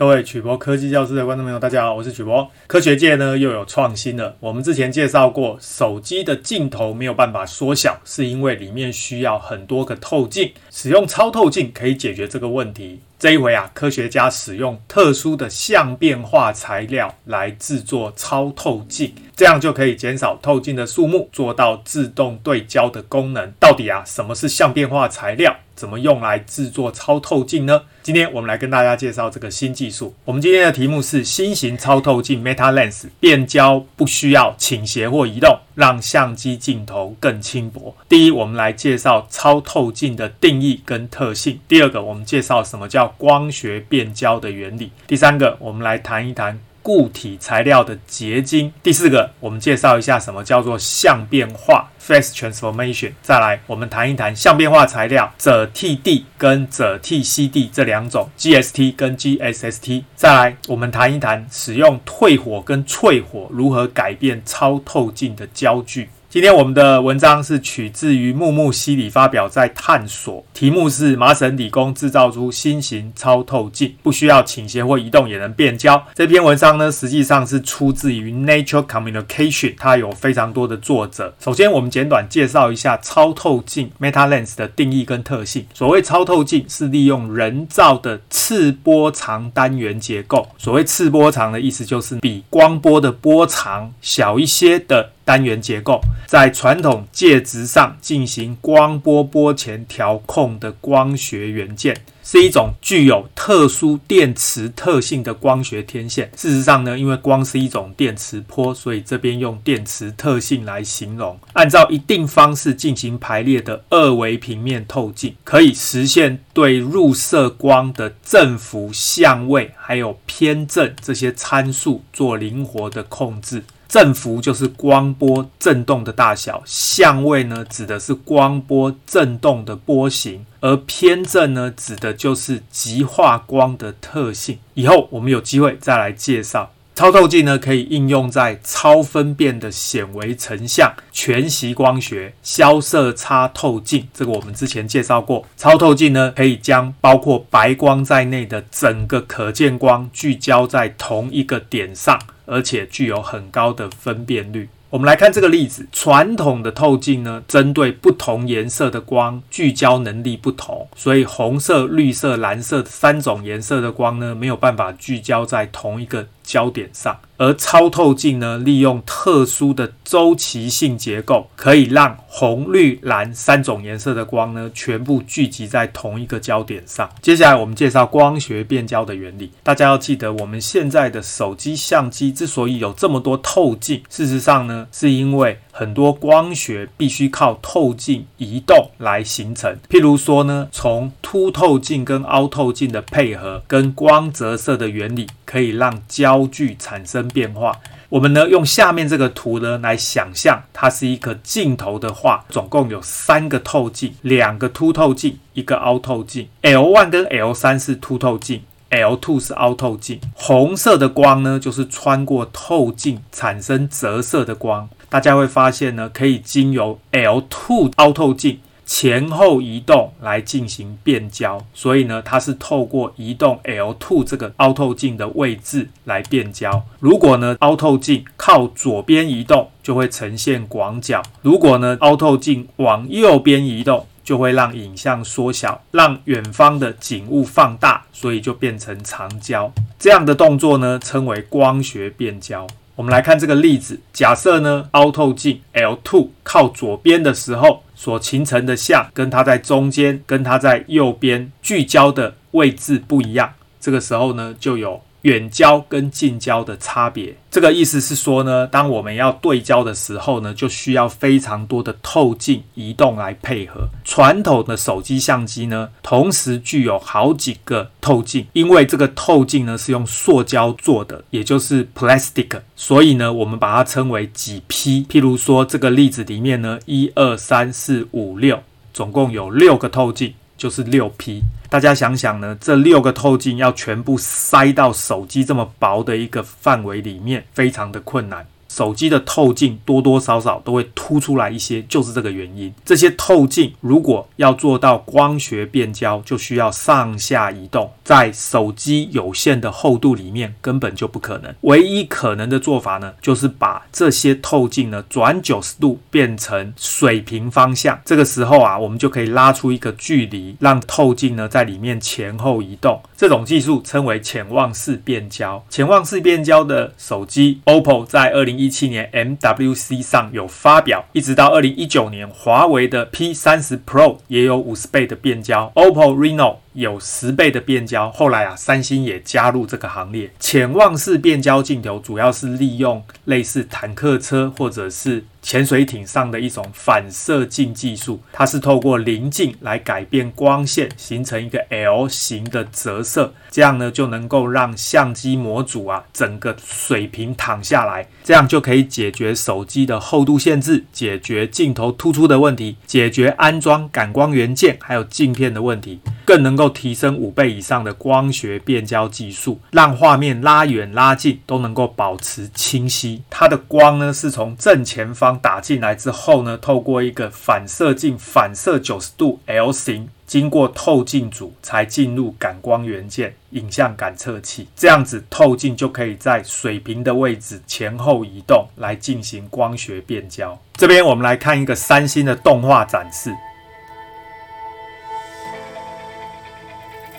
各位曲博科技教室的觀眾朋友，大家好，我是曲博。科學界呢又有創新了。我們之前介紹過，手機的鏡頭沒有辦法縮小，是因為裡面需要很多個透鏡。使用超透鏡可以解決這個問題。這一回啊，科學家使用特殊的相變化材料來制作超透鏡，這樣就可以減少透鏡的數目，做到自動對焦的功能。到底啊，什麼是相變化材料？怎麼用來制作超透鏡呢？今天我們來跟大家介紹這個新技術。我們今天的題目是新型超透鏡 (Metalens) 變焦，不需要傾斜或移動，讓相機鏡頭更輕薄。第一，我們來介紹超透鏡的定義跟特性；第二個，我們介紹什麼叫光學變焦的原理；第三個，我們來談一談。固體材料的結晶。第四個，我們介紹一下什麼叫做相變化 （phase transformation）。再來，我們談一談相變化材料鍺 Td 跟鍺 Tcd 這兩種 GST 跟 GSST。再來，我們談一談使用退火跟淬火如何改變超透鏡的焦距。今天我們的文章是取自於木木西里發表在《探索》，題目是“麻省理工製造出新型超透鏡，不需要傾斜或移動也能變焦”。這篇文章呢，實際上是出自於《Nature Communication》，它有非常多的作者。首先，我們簡短介紹一下超透鏡 （Metalens） 的定義跟特性。所謂超透鏡，是利用人造的次波長單元結構。所謂次波長的意思，就是比光波的波長小一些的。單元結構在傳統介質上進行光波波前調控的光學元件，是一種具有特殊電磁特性的光學天線。事實上呢，因為光是一種電磁波，所以這邊用電磁特性來形容。按照一定方式進行排列的二維平面透鏡，可以實現對入射光的振幅、相位還有偏振這些參數做靈活的控制。振幅就是光波振動的大小，相位呢指的是光波振動的波形，而偏振呢指的就是極化光的特性。以後我們有機會再來介紹。超透鏡呢可以應用在超分辨的顯微成像、全息光學、消色差透鏡。這個我們之前介紹過。超透鏡呢可以將包括白光在內的整個可見光聚焦在同一個點上。而且具有很高的分辨率。我們來看這個例子，傳統的透鏡呢，針對不同顏色的光聚焦能力不同，所以紅色、綠色、藍色三種顏色的光呢，沒有辦法聚焦在同一個。焦點上，而超透鏡呢，利用特殊的周期性結構，可以讓紅、綠、藍三種顏色的光呢，全部聚集在同一個焦點上。接下來，我們介紹光學變焦的原理。大家要記得，我們現在的手機相機之所以有這麼多透鏡，事實上呢，是因為。很多光學必須靠透鏡移動來形成，譬如說呢，從凸透鏡跟凹透鏡的配合跟光折射的原理，可以讓焦距產生變化。我們呢用下面這個圖呢來想象，它是一個鏡頭的話，總共有三個透鏡，兩個凸透鏡，一個凹透鏡。L 1跟 L 3是凸透鏡，L 2是凹透鏡。紅色的光呢，就是穿過透鏡產生折射的光。大家會發現呢，可以經由 L 2凹透鏡前後移動來進行變焦，所以呢，它是透過移動 L 2這個凹透鏡的位置來變焦。如果呢，凹透鏡靠左邊移動，就會呈現廣角；如果呢，凹透鏡往右邊移動，就會讓影像縮小，讓遠方的景物放大，所以就變成長焦。這樣的動作呢，稱為光學變焦。我們來看這個例子，假設呢，凹透鏡 L2 靠左邊的時候所形成的像，跟它在中間、跟它在右邊聚焦的位置不一樣，這個時候呢就有。遠焦跟近焦的差別，這個意思是說呢，當我們要對焦的時候呢，就需要非常多的透鏡移動來配合。傳統的手機相機呢，同時具有好幾個透鏡，因為這個透鏡呢是用塑膠做的，也就是 plastic，所以呢我們把它稱為幾 P。譬如說這個例子裡面呢，一二三四五六，總共有六個透鏡。就是 6P，大家想想呢，這六個透鏡要全部塞到手機這麼薄的一個範圍裡面，非常的困難。手機的透鏡多多少少都會凸出來一些，就是這個原因。這些透鏡如果要做到光學變焦，就需要上下移動，在手機有限的厚度裡面根本就不可能。唯一可能的做法呢，就是把這些透鏡呢轉九十度變成水平方向。這個時候啊，我們就可以拉出一個距離，讓透鏡呢在裡面前後移動。這種技術稱為潛望式變焦。潛望式變焦的手機，OPPO 在二零。一七年 MWC 上有發表，一直到二零一九年，華為的 P 三十 Pro 也有五十倍的變焦，OPPO Reno，有十倍的變焦，後來啊，三星也加入這個行列。潛望式變焦鏡頭主要是利用類似坦克車或者是潛水艇上的一種反射鏡技術，它是透過稜鏡來改變光線，形成一個 L 型的折射，這樣呢就能夠讓相機模組啊整個水平躺下來，這樣就可以解決手機的厚度限制，解決鏡頭突出的問題，解決安裝感光元件還有鏡片的問題，更能夠。提升五倍以上的光學變焦技術，讓畫面拉遠拉近都能夠保持清晰。它的光呢是從正前方打進來之後呢，透過一個反射鏡反射九十度 L 型，經過透鏡組才進入感光元件、影像感測器。這樣子透鏡就可以在水平的位置前後移動來進行光學變焦。這邊我們來看一個三星的動畫展示。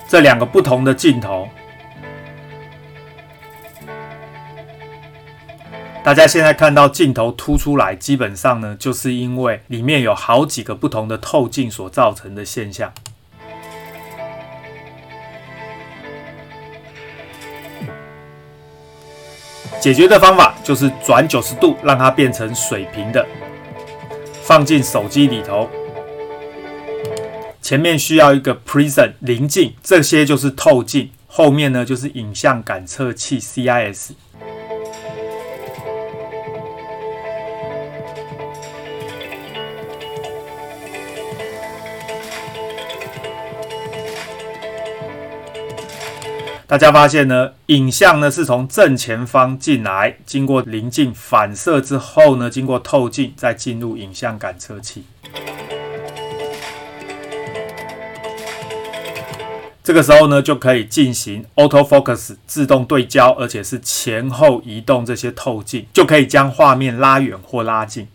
這兩個不同的鏡頭，大家現在看到鏡頭凸出來，基本上呢，就是因為裡面有好幾個不同的透鏡所造成的現象。解決的方法就是轉九十度，讓它變成水平的，放進手機裡頭。前面需要一個 prism 稜鏡，這些就是透鏡，後面呢，就是影像感測器 C I S。大家發現呢，影像呢是從正前方進來，經過稜鏡反射之後呢，經過透鏡再進入影像感測器。這個時候呢，就可以進行 auto focus 自動對焦，而且是前後移動這些透鏡，就可以將畫面拉遠或拉近。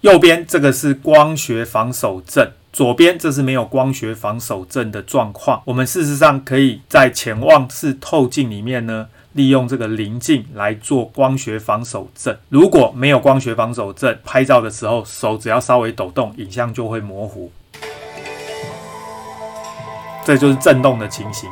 右邊這個是光學防手震，左邊這是沒有光學防手震的狀況。我們事實上可以在潛望式透鏡裡面呢。利用這個稜鏡來做光學防手震。如果沒有光學防手震，拍照的時候手只要稍微抖動，影像就會模糊。這就是震動的情形。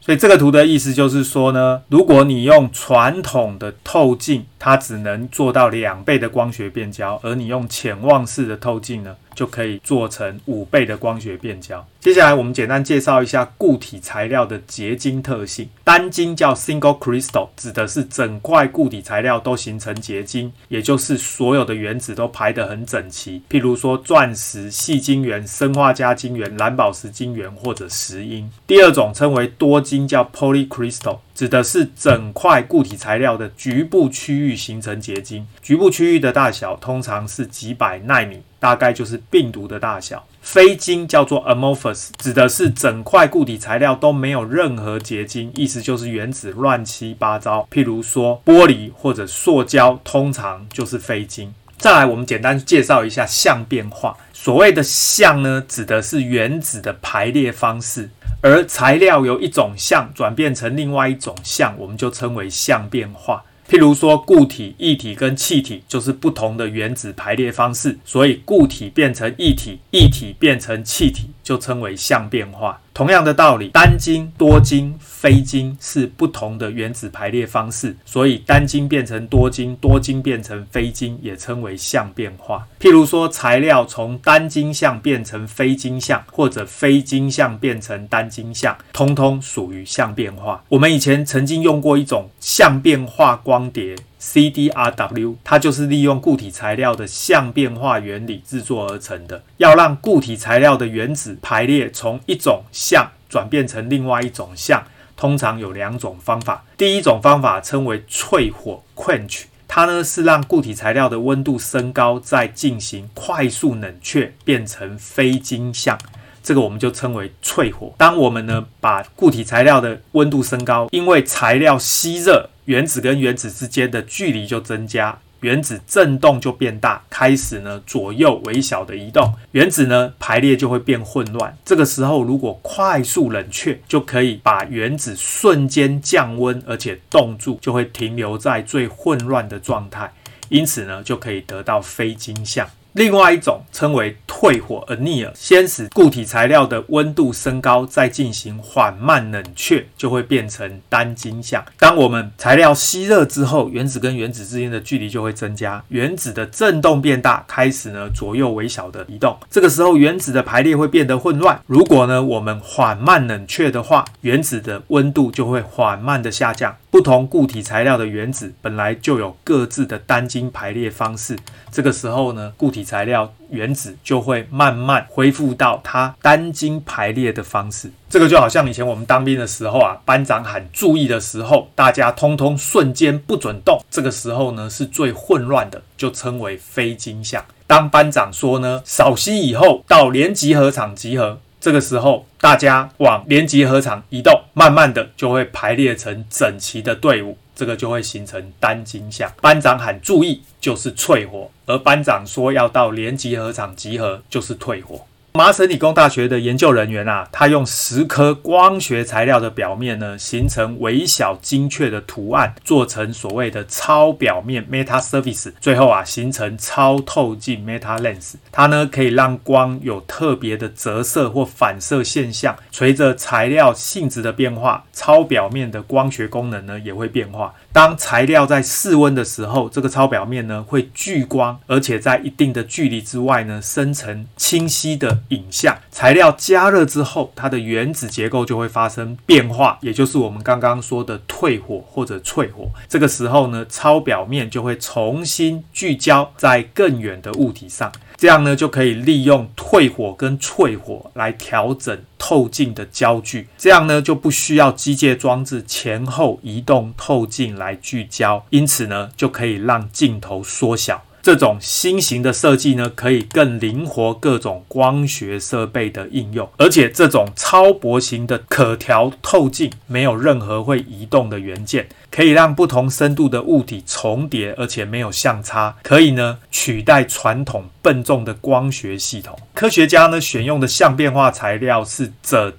所以這個圖的意思就是說呢，如果你用傳統的透鏡，它只能做到兩倍的光學變焦，而你用潛望式的透鏡呢？就可以做成五倍的光學變焦。接下來，我們簡單介紹一下固體材料的結晶特性。單晶叫 single crystal，指的是整塊固體材料都形成結晶，也就是所有的原子都排得很整齊。譬如說鑽石、矽晶圓、砷化鎵晶圓、藍寶石晶圓或者石英。第二種稱為多晶叫 polycrystal，指的是整塊固體材料的局部區域形成結晶，局部區域的大小通常是幾百納米。大概就是病毒的大小。非晶叫做 amorphous，指的是整塊固體材料都沒有任何結晶，意思就是原子亂七八糟。譬如說玻璃或者塑膠，通常就是非晶。再來，我們簡單介紹一下相變化。所謂的相呢，指的是原子的排列方式，而材料由一種相轉變成另外一種相，我們就稱為相變化。譬如說，固體、液體跟氣體就是不同的原子排列方式，所以固體變成液體，液體變成氣體。就稱為相變化。同樣的道理，單晶、多晶、非晶是不同的原子排列方式，所以單晶變成多晶、多晶變成非晶，也稱為相變化。譬如說，材料從單晶相變成非晶相，或者非晶相變成單晶相，通通屬於相變化。我們以前曾經用過一種相變化光碟。C D R W，它就是利用固體材料的相變化原理製作而成的。要讓固體材料的原子排列從一種相轉變成另外一種相，通常有兩種方法。第一種方法稱為淬火 （quench），它呢是讓固體材料的溫度升高，再進行快速冷卻，變成非晶相。這個我們就稱為淬火。當我們呢把固體材料的溫度升高，因為材料吸熱，原子跟原子之間的距離就增加，原子振動就變大，開始呢左右微小的移動，原子呢排列就會變混亂。這個時候如果快速冷卻，就可以把原子瞬間降溫，而且凍住，就會停留在最混亂的狀態。因此呢就可以得到非晶相。另外一種稱為退火，（anneal），先使固體材料的溫度升高，再進行緩慢冷卻，就會變成單晶相。當我們材料吸熱之後，原子跟原子之間的距離就會增加，原子的振動變大，開始呢左右微小的移動。這個時候原子的排列會變得混亂。如果呢我們緩慢冷卻的話，原子的溫度就會緩慢的下降。不同固體材料的原子本來就有各自的單晶排列方式，這個時候呢固體。材料原子就會慢慢恢復到它單晶排列的方式。這個就好像以前我們當兵的時候啊，班長喊“注意”的時候，大家通通瞬間不准動。這個時候呢，是最混亂的，就稱為非晶相。當班長說呢“稍息”以後，到連集合場集合。這個時候，大家往連集合場移動，慢慢的就會排列成整齊的隊伍。這個就會形成單晶相，班長喊注意，就是淬火；而班長說要到連集合場集合，就是退火。麻省理工大學的研究人員啊，他用蝕刻光學材料的表面呢，形成微小精確的圖案，做成所謂的超表面 （meta surface），最後啊，形成超透鏡 （meta lens）。它呢可以讓光有特別的折射或反射現象。隨着材料性質的變化，超表面的光學功能呢也會變化。當材料在室溫的時候，這個超表面呢會聚光，而且在一定的距離之外呢，生成清晰的。影像。材料加熱之後，它的原子結構就會發生變化，也就是我們剛剛說的退火或者淬火。這個時候呢，超表面就會重新聚焦在更遠的物體上，這樣呢就可以利用退火跟淬火來調整透鏡的焦距，這樣呢就不需要機械裝置前後移動透鏡來聚焦，因此呢就可以讓鏡頭縮小。這種新型的設計呢，可以更靈活各種光學設備的應用，而且這種超薄型的可調透鏡沒有任何會移動的元件，可以讓不同深度的物體重疊，而且沒有像差，可以呢取代傳統笨重的光學系統。科學家呢選用的相變化材料是鍺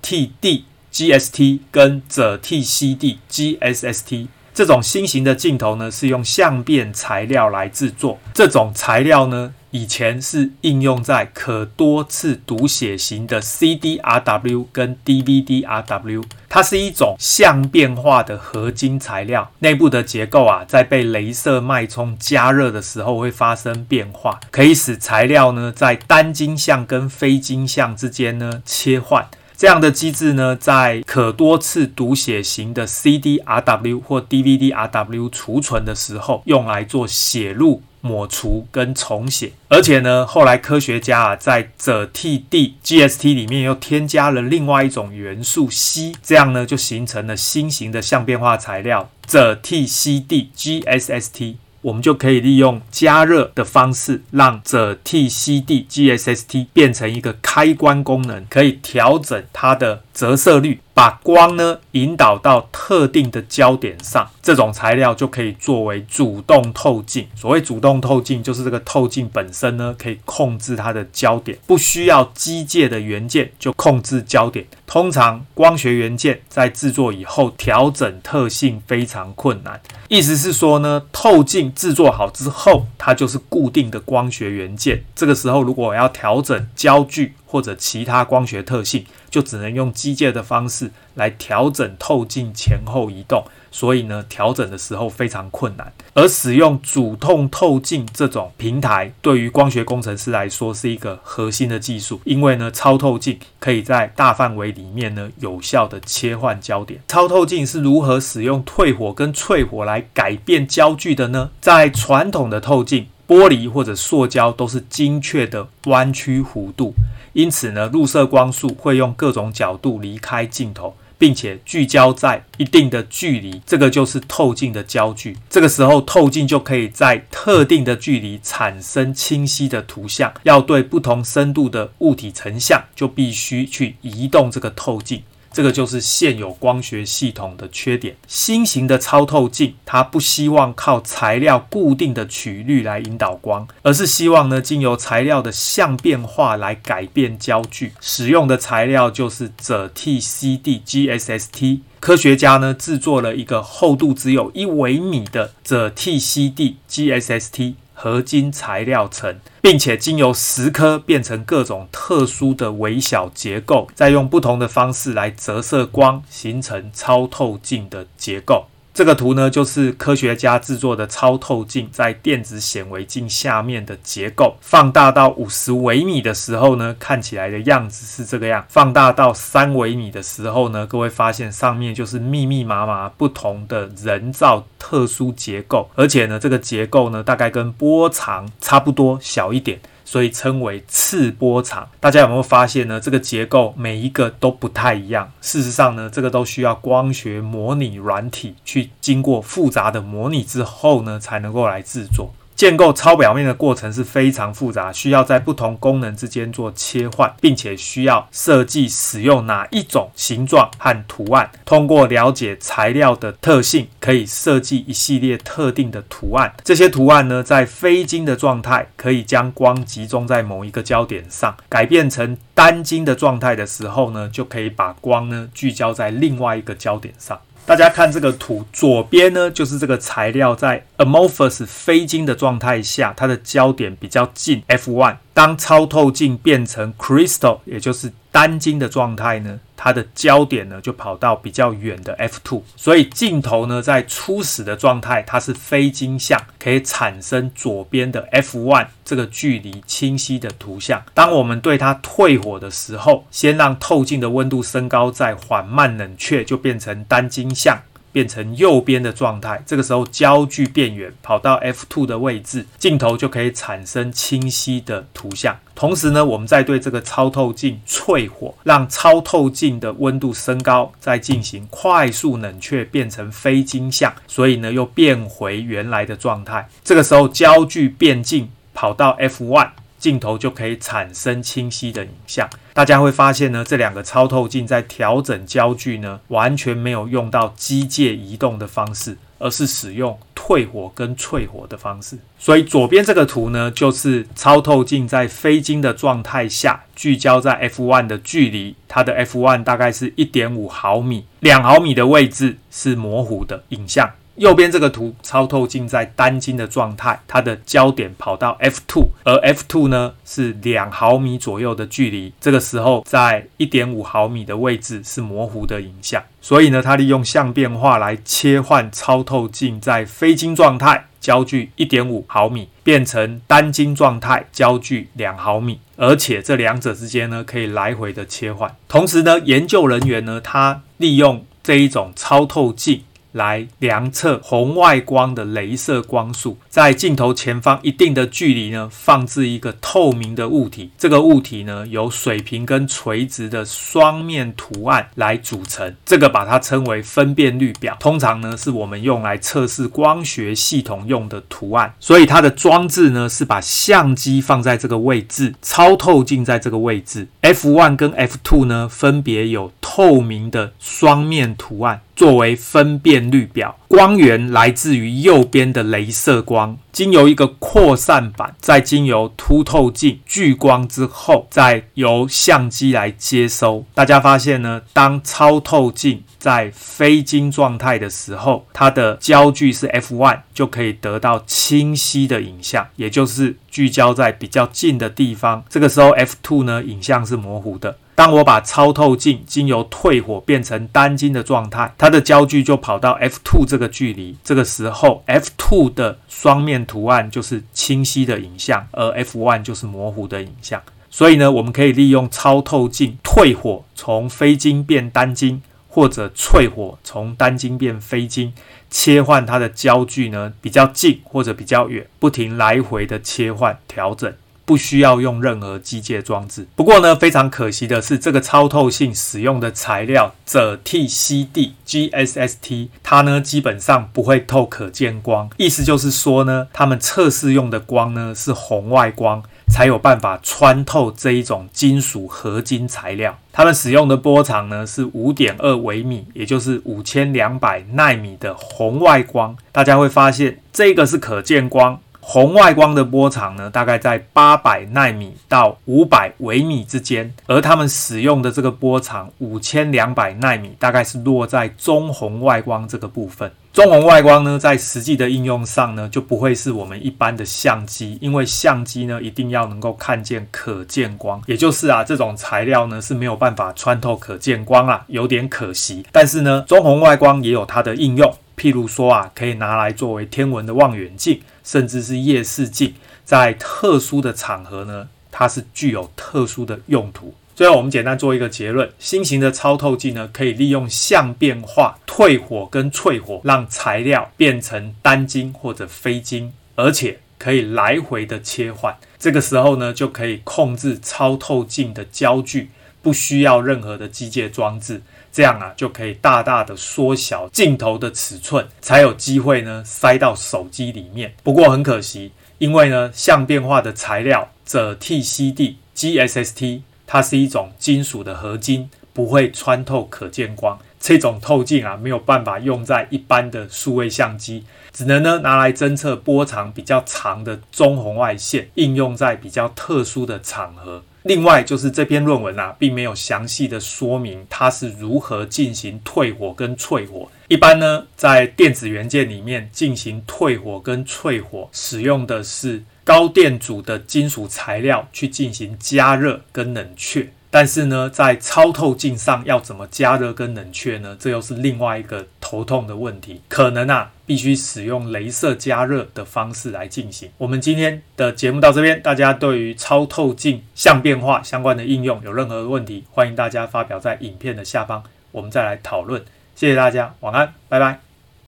TdGST 跟鍺 TcdGSST。T 這種新型的鏡頭呢，是用相變材料來制作。這種材料呢，以前是應用在可多次讀寫型的 CDRW 跟 DVDRW。它是一種相變化的合金材料，內部的結構啊，在被雷射脈衝加熱的時候會發生變化，可以使材料呢，在單晶相跟非晶相之間呢切換。這樣的機制呢，在可多次讀寫型的 CDRW 或 DVDRW 儲存的時候，用來做寫入、抹除跟重寫。而且呢，後來科學家啊，在鍺 TdGST 裡面又添加了另外一種元素硒，這樣呢就形成了新型的相變化材料鍺 TcDGSST。The T C D G S S T 我們就可以利用加熱的方式，讓鍺 TCD GSST 變成一個開關功能，可以調整它的折射率把光呢引導到特定的焦點上，這種材料就可以作為主動透鏡。所謂主動透鏡，就是這個透鏡本身呢可以控制它的焦點，不需要機械的元件就控制焦點。通常光學元件在製作以後調整特性非常困難，意思是說呢，透鏡製作好之後它就是固定的光學元件。這個時候如果我要調整焦距，或者其他光學特性，就只能用機械的方式來調整透鏡前後移動，所以呢，調整的時候非常困難。而使用主動透鏡這種平台，對於光學工程師來說是一個核心的技術，因為呢，超透鏡可以在大範圍裡面呢，有效地切換焦點。超透鏡是如何使用退火跟淬火來改變焦距的呢？在傳統的透鏡，玻璃或者塑膠都是精確的彎曲弧度，因此呢，入射光束會用各種角度離開鏡頭，並且聚焦在一定的距離，這個就是透鏡的焦距。這個時候，透鏡就可以在特定的距離產生清晰的圖像。要對不同深度的物體成像，就必須去移動這個透鏡。這個就是現有光學系統的缺點。新型的超透鏡，它不希望靠材料固定的曲率來引導光，而是希望呢，經由材料的相變化來改變焦距。使用的材料就是鍺 TCD GSST。科學家呢，制作了一個厚度只有一微米的鍺 TCD GSST。合金材料層，並且經由蝕刻變成各種特殊的微小結構，再用不同的方式來折射光，形成超透鏡的結構。這個圖呢，就是科學家製作的超透鏡在電子顯微鏡下面的結構，放大到五十微米的時候呢，看起來的樣子是這個樣；放大到三微米的時候呢，各位發現上面就是密密麻麻不同的人造特殊結構，而且呢，這個結構呢，大概跟波長差不多小一點。所以稱為次波長。大家有沒有發現呢？這個結構每一個都不太一樣。事實上呢，這個都需要光學模擬軟體去經過複雜的模擬之後呢，才能夠來制作。建構超表面的過程是非常複雜，需要在不同功能之間做切換，並且需要設計使用哪一種形狀和圖案。通過了解材料的特性，可以設計一系列特定的圖案。這些圖案呢，在非晶的狀態可以將光集中在某一個焦點上，改變成單晶的狀態的時候呢，就可以把光呢聚焦在另外一個焦點上。大家看這個圖，左邊呢就是這個材料在 amorphous 非晶的狀態下，它的焦點比較近，F1。當超透鏡變成 crystal，也就是單晶的狀態呢，它的焦點呢就跑到比較遠的 F2，所以鏡頭呢在初始的狀態，它是非晶相，可以產生左邊的 F1 這個距離清晰的圖像。當我們對它退火的時候，先讓透鏡的溫度升高，再緩慢冷卻，就變成單晶相。變成右邊的狀態，這個時候焦距變遠，跑到 f two 的位置，鏡頭就可以產生清晰的圖像。同時呢，我們再對這個超透鏡淬火，讓超透鏡的溫度升高，再進行快速冷卻，變成非晶相，所以呢又變回原來的狀態。這個時候焦距變近，跑到 f one。鏡頭就可以產生清晰的影像。大家會發現呢，這兩個超透鏡在調整焦距呢，完全沒有用到機械移動的方式，而是使用退火跟淬火的方式。所以左邊這個圖呢，就是超透鏡在非晶的狀態下，聚焦在 f1 的距離，它的 f1 大概是一點五毫米，兩毫米的位置是模糊的影像。右邊這個圖，超透鏡在單晶的狀態，它的焦點跑到 f2，而 f2 呢是兩毫米左右的距離。這個時候在一點五毫米的位置是模糊的影像。所以呢，它利用相變化來切換超透鏡在非晶狀態焦距一點五毫米，變成單晶狀態焦距兩毫米，而且這兩者之間呢可以來回的切換。同時呢，研究人員呢，他利用這一種超透鏡。來量測紅外光的雷射光束，在鏡頭前方一定的距離呢，放置一個透明的物體。這個物體呢，由水平跟垂直的雙面圖案來組成。這個把它稱為分辨率表，通常呢是我們用來測試光學系統用的圖案。所以它的裝置呢，是把相機放在這個位置，超透鏡在這個位置，F1 跟 F2 呢，分別有透明的雙面圖案。作為分辨率表。光源來自於右邊的鐳射光，經由一個擴散板，再經由凸透鏡聚光之後，再由相機來接收。大家發現呢，當超透鏡在非晶狀態的時候，它的焦距是 f1，就可以得到清晰的影像，也就是聚焦在比較近的地方。這個時候 f2 呢，影像是模糊的。當我把超透鏡經由退火變成單晶的狀態，它的焦距就跑到 f2 這個。的距離，這個時候 f two 的雙面圖案就是清晰的影像，而 f one 就是模糊的影像。所以呢，我們可以利用超透鏡退火，從非晶變單晶，或者淬火，從單晶變非晶，切換它的焦距呢，比較近或者比較遠，不停來回的切換調整。不需要用任何機械裝置。不過呢，非常可惜的是，這個超透鏡使用的材料锗 TCDGSST，它呢基本上不會透可見光。意思就是說呢，他們測試用的光呢是紅外光，才有辦法穿透這一種金屬合金材料。他們使用的波長呢是五點二微米，也就是五千兩百納米的紅外光。大家會發現，這個是可見光。紅外光的波長呢，大概在八百奈米到五百微米之間，而他們使用的這個波長五千兩百奈米，大概是落在中紅外光這個部分。中紅外光呢，在實際的應用上呢，就不會是我們一般的相機，因為相機呢，一定要能夠看見可見光，也就是啊，這種材料呢是沒有辦法穿透可見光啊，有點可惜。但是呢，中紅外光也有它的應用。譬如說啊，可以拿來作為天文的望遠鏡，甚至是夜視鏡，在特殊的場合呢，它是具有特殊的用途。最後，我們簡單做一個結論：新型的超透鏡呢，可以利用相變化、退火跟淬火，讓材料變成單晶或者非晶，而且可以來回的切換。這個時候呢，就可以控制超透鏡的焦距。不需要任何的機械裝置，這樣啊就可以大大的縮小鏡頭的尺寸，才有機會呢塞到手機裡面。不過很可惜，因為呢相變化的材料锗 TCD GSST，它是一種金屬的合金，不會穿透可見光。這種透鏡啊沒有辦法用在一般的數位相機，只能呢拿來偵測波長比較長的中紅外線，應用在比較特殊的場合。另外就是這篇論文啊，並沒有詳細的說明它是如何進行退火跟淬火。一般呢，在電子元件裡面進行退火跟淬火，使用的是高電阻的金屬材料去進行加熱跟冷卻。但是呢，在超透鏡上要怎麼加熱跟冷卻呢？這又是另外一個頭痛的問題，可能啊，必須使用鐳射加熱的方式來進行。我們今天的節目到這邊，大家對於超透鏡相變化相關的應用有任何問題，歡迎大家發表在影片的下方，我們再來討論。謝謝大家，晚安，拜拜。